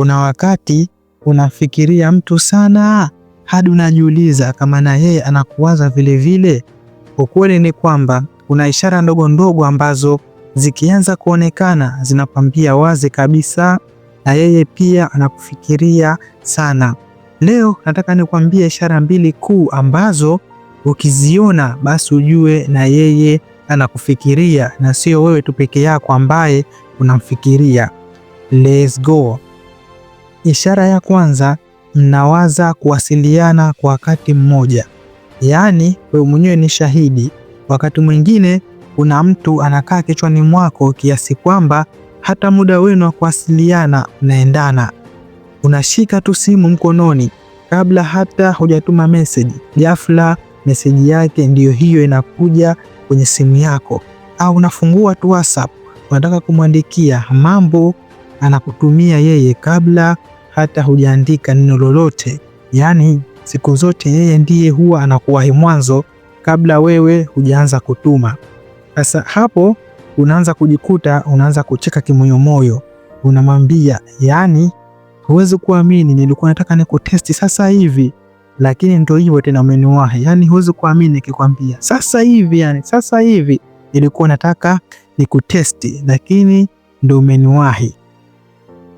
Kuna wakati unafikiria mtu sana hadi unajiuliza kama na yeye anakuwaza vile vile. Ukweli ni kwamba kuna ishara ndogo ndogo ambazo zikianza kuonekana zinakwambia wazi kabisa na yeye pia anakufikiria sana. Leo nataka nikwambie ishara mbili kuu ambazo ukiziona basi ujue na yeye anakufikiria na sio wewe tu peke yako ambaye unamfikiria. Let's go. Ishara ya kwanza, mnawaza kuwasiliana kwa wakati mmoja, yaani wewe mwenyewe ni shahidi. Wakati mwingine kuna mtu anakaa kichwani mwako kiasi kwamba hata muda wenu wa kuwasiliana unaendana, unashika tu simu mkononi kabla hata hujatuma meseji, ghafla meseji yake ndiyo hiyo inakuja kwenye simu yako, au unafungua tu WhatsApp unataka kumwandikia mambo, anakutumia yeye kabla hata hujaandika neno lolote. Yaani siku zote yeye ndiye huwa anakuwahi mwanzo kabla wewe hujaanza kutuma. Sasa hapo unaanza kujikuta unaanza kucheka kimoyomoyo, unamwambia yani, huwezi kuamini, nilikuwa nataka nikutesti sasa hivi, lakini ndio hivyo tena, umeniwahi. Yani huwezi kuamini nikikwambia sasa hivi, yani sasa hivi nilikuwa nataka nikutesti, lakini ndio umeniwahi.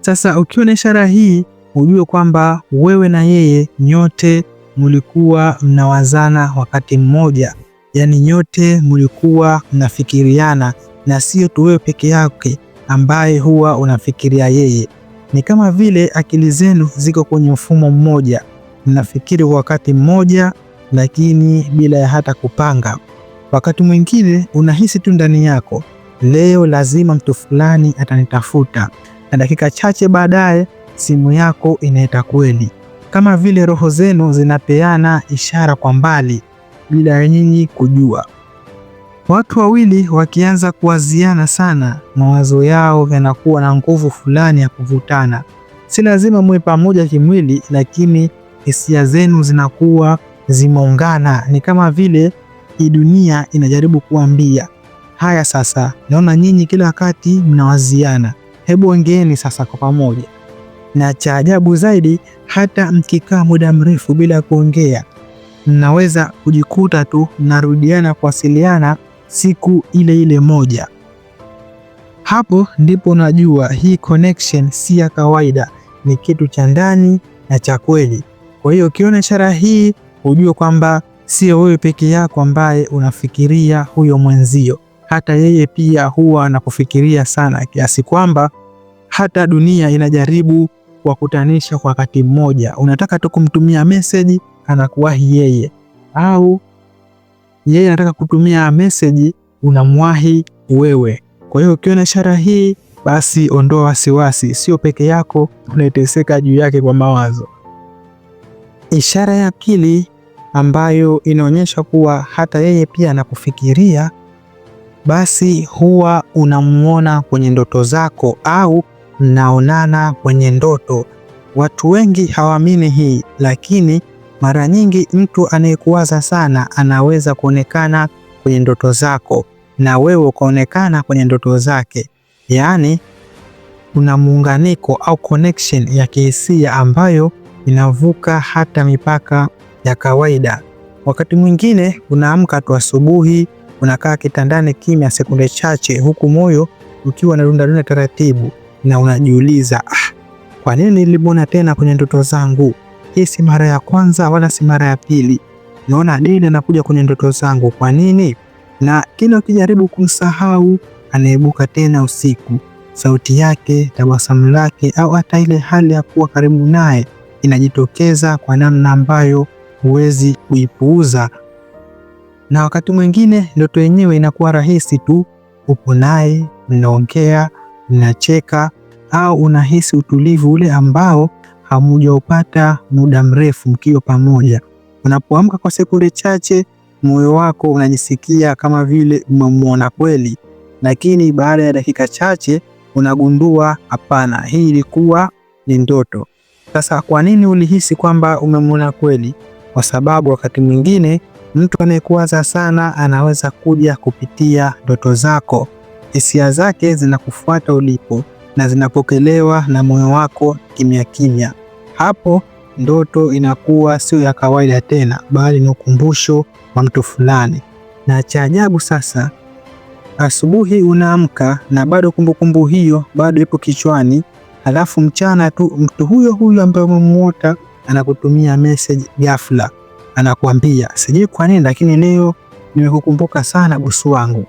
Sasa ukiona ishara hii ujue kwamba wewe na yeye nyote mlikuwa mnawazana wakati mmoja, yaani nyote mlikuwa mnafikiriana, na sio tu wewe peke yake ambaye huwa unafikiria yeye. Ni kama vile akili zenu ziko kwenye mfumo mmoja, mnafikiri kwa wakati mmoja, lakini bila ya hata kupanga. Wakati mwingine unahisi tu ndani yako, leo lazima mtu fulani atanitafuta, na dakika chache baadaye simu yako inaita kweli, kama vile roho zenu zinapeana ishara kwa mbali bila nyinyi kujua. Watu wawili wakianza kuwaziana sana, mawazo yao yanakuwa na nguvu fulani ya kuvutana. Si lazima muwe pamoja kimwili, lakini hisia zenu zinakuwa zimeungana. Ni kama vile hii dunia inajaribu kuambia haya, sasa naona nyinyi kila wakati mnawaziana, hebu ongeeni sasa kwa pamoja na cha ajabu zaidi, hata mkikaa muda mrefu bila kuongea, mnaweza kujikuta tu mnarudiana kuwasiliana siku ile ile moja. Hapo ndipo najua hii connection si ya kawaida, ni kitu cha ndani na cha kweli. Kwa hiyo ukiona ishara hii, hujue kwamba sio wewe peke yako ambaye unafikiria huyo mwenzio, hata yeye pia huwa anakufikiria sana, kiasi kwamba hata dunia inajaribu kuwakutanisha kwa wakati mmoja. Unataka tu kumtumia meseji anakuwahi yeye, au yeye anataka kutumia meseji unamwahi wewe. Kwa hiyo ukiona ishara hii, basi ondoa wasiwasi, sio peke yako unaiteseka juu yake kwa mawazo. Ishara ya pili ambayo inaonyesha kuwa hata yeye pia anakufikiria, basi huwa unamuona kwenye ndoto zako au mnaonana kwenye ndoto. Watu wengi hawaamini hii, lakini mara nyingi mtu anayekuwaza sana anaweza kuonekana kwenye ndoto zako na wewe ukaonekana kwenye ndoto zake, yaani kuna muunganiko au connection ya kihisia ambayo inavuka hata mipaka ya kawaida. Wakati mwingine unaamka tu asubuhi, unakaa kitandani kimya sekunde chache, huku moyo ukiwa unadundadunda taratibu, na unajiuliza ah, kwa nini nilimwona tena kwenye ndoto zangu? Hii si mara ya kwanza wala si mara ya pili, naona Deni anakuja kwenye ndoto zangu, kwa nini? Na kila ukijaribu kumsahau anaibuka tena usiku, sauti yake, tabasamu lake, au hata ile hali ya kuwa karibu naye inajitokeza kwa namna ambayo huwezi kuipuuza. Na wakati mwingine ndoto yenyewe inakuwa rahisi tu, upo naye, mnaongea mnacheka au unahisi utulivu ule ambao hamujaupata muda mrefu mkiwa pamoja. Unapoamka kwa sekunde chache, moyo wako unajisikia kama vile umemwona kweli, lakini baada ya dakika chache unagundua hapana, hii ilikuwa ni ndoto. Sasa kwa nini ulihisi kwamba umemwona kweli? Kwa sababu wakati mwingine mtu anayekuwaza sana anaweza kuja kupitia ndoto zako. Hisia zake zinakufuata ulipo na zinapokelewa na moyo wako kimya kimya. Hapo ndoto inakuwa sio ya kawaida tena, bali ni ukumbusho wa mtu fulani. Na cha ajabu sasa, asubuhi unaamka na bado kumbukumbu hiyo bado ipo kichwani, halafu mchana tu mtu huyo huyo ambaye umemuota anakutumia message ghafla, anakuambia sijui kwa nini, lakini leo nimekukumbuka sana bosi wangu.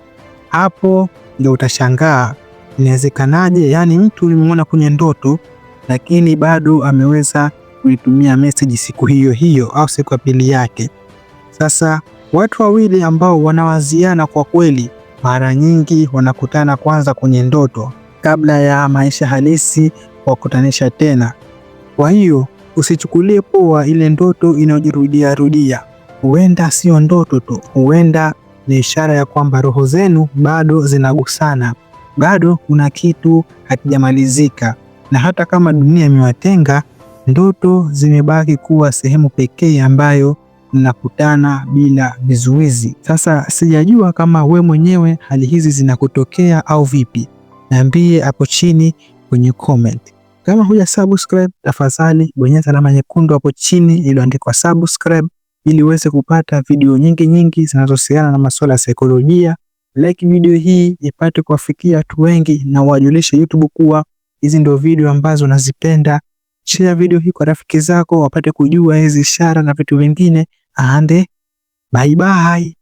Hapo ndio utashangaa inawezekanaje, yaani mtu ulimwona kwenye ndoto, lakini bado ameweza kuitumia message siku hiyo hiyo au siku ya pili yake. Sasa watu wawili ambao wanawaziana kwa kweli, mara nyingi wanakutana kwanza kwenye ndoto kabla ya maisha halisi wakutanisha tena. Kwa hiyo usichukulie poa ile ndoto inayojirudia rudia, huenda sio ndoto tu, huenda ni ishara ya kwamba roho zenu bado zinagusana, bado kuna kitu hakijamalizika. Na hata kama dunia imewatenga, ndoto zimebaki kuwa sehemu pekee ambayo mnakutana bila vizuizi. Sasa sijajua kama we mwenyewe hali hizi zinakutokea au vipi? Niambie hapo chini kwenye comment. Kama huja subscribe, tafadhali bonyeza alama nyekundu hapo chini iliyoandikwa subscribe ili uweze kupata video nyingi nyingi zinazohusiana na masuala ya saikolojia. Like video hii ipate kuwafikia watu wengi na uwajulishe YouTube kuwa hizi ndio video ambazo nazipenda. Share video hii kwa rafiki zako wapate kujua hizi ishara na vitu vingine. Ande, bye bye.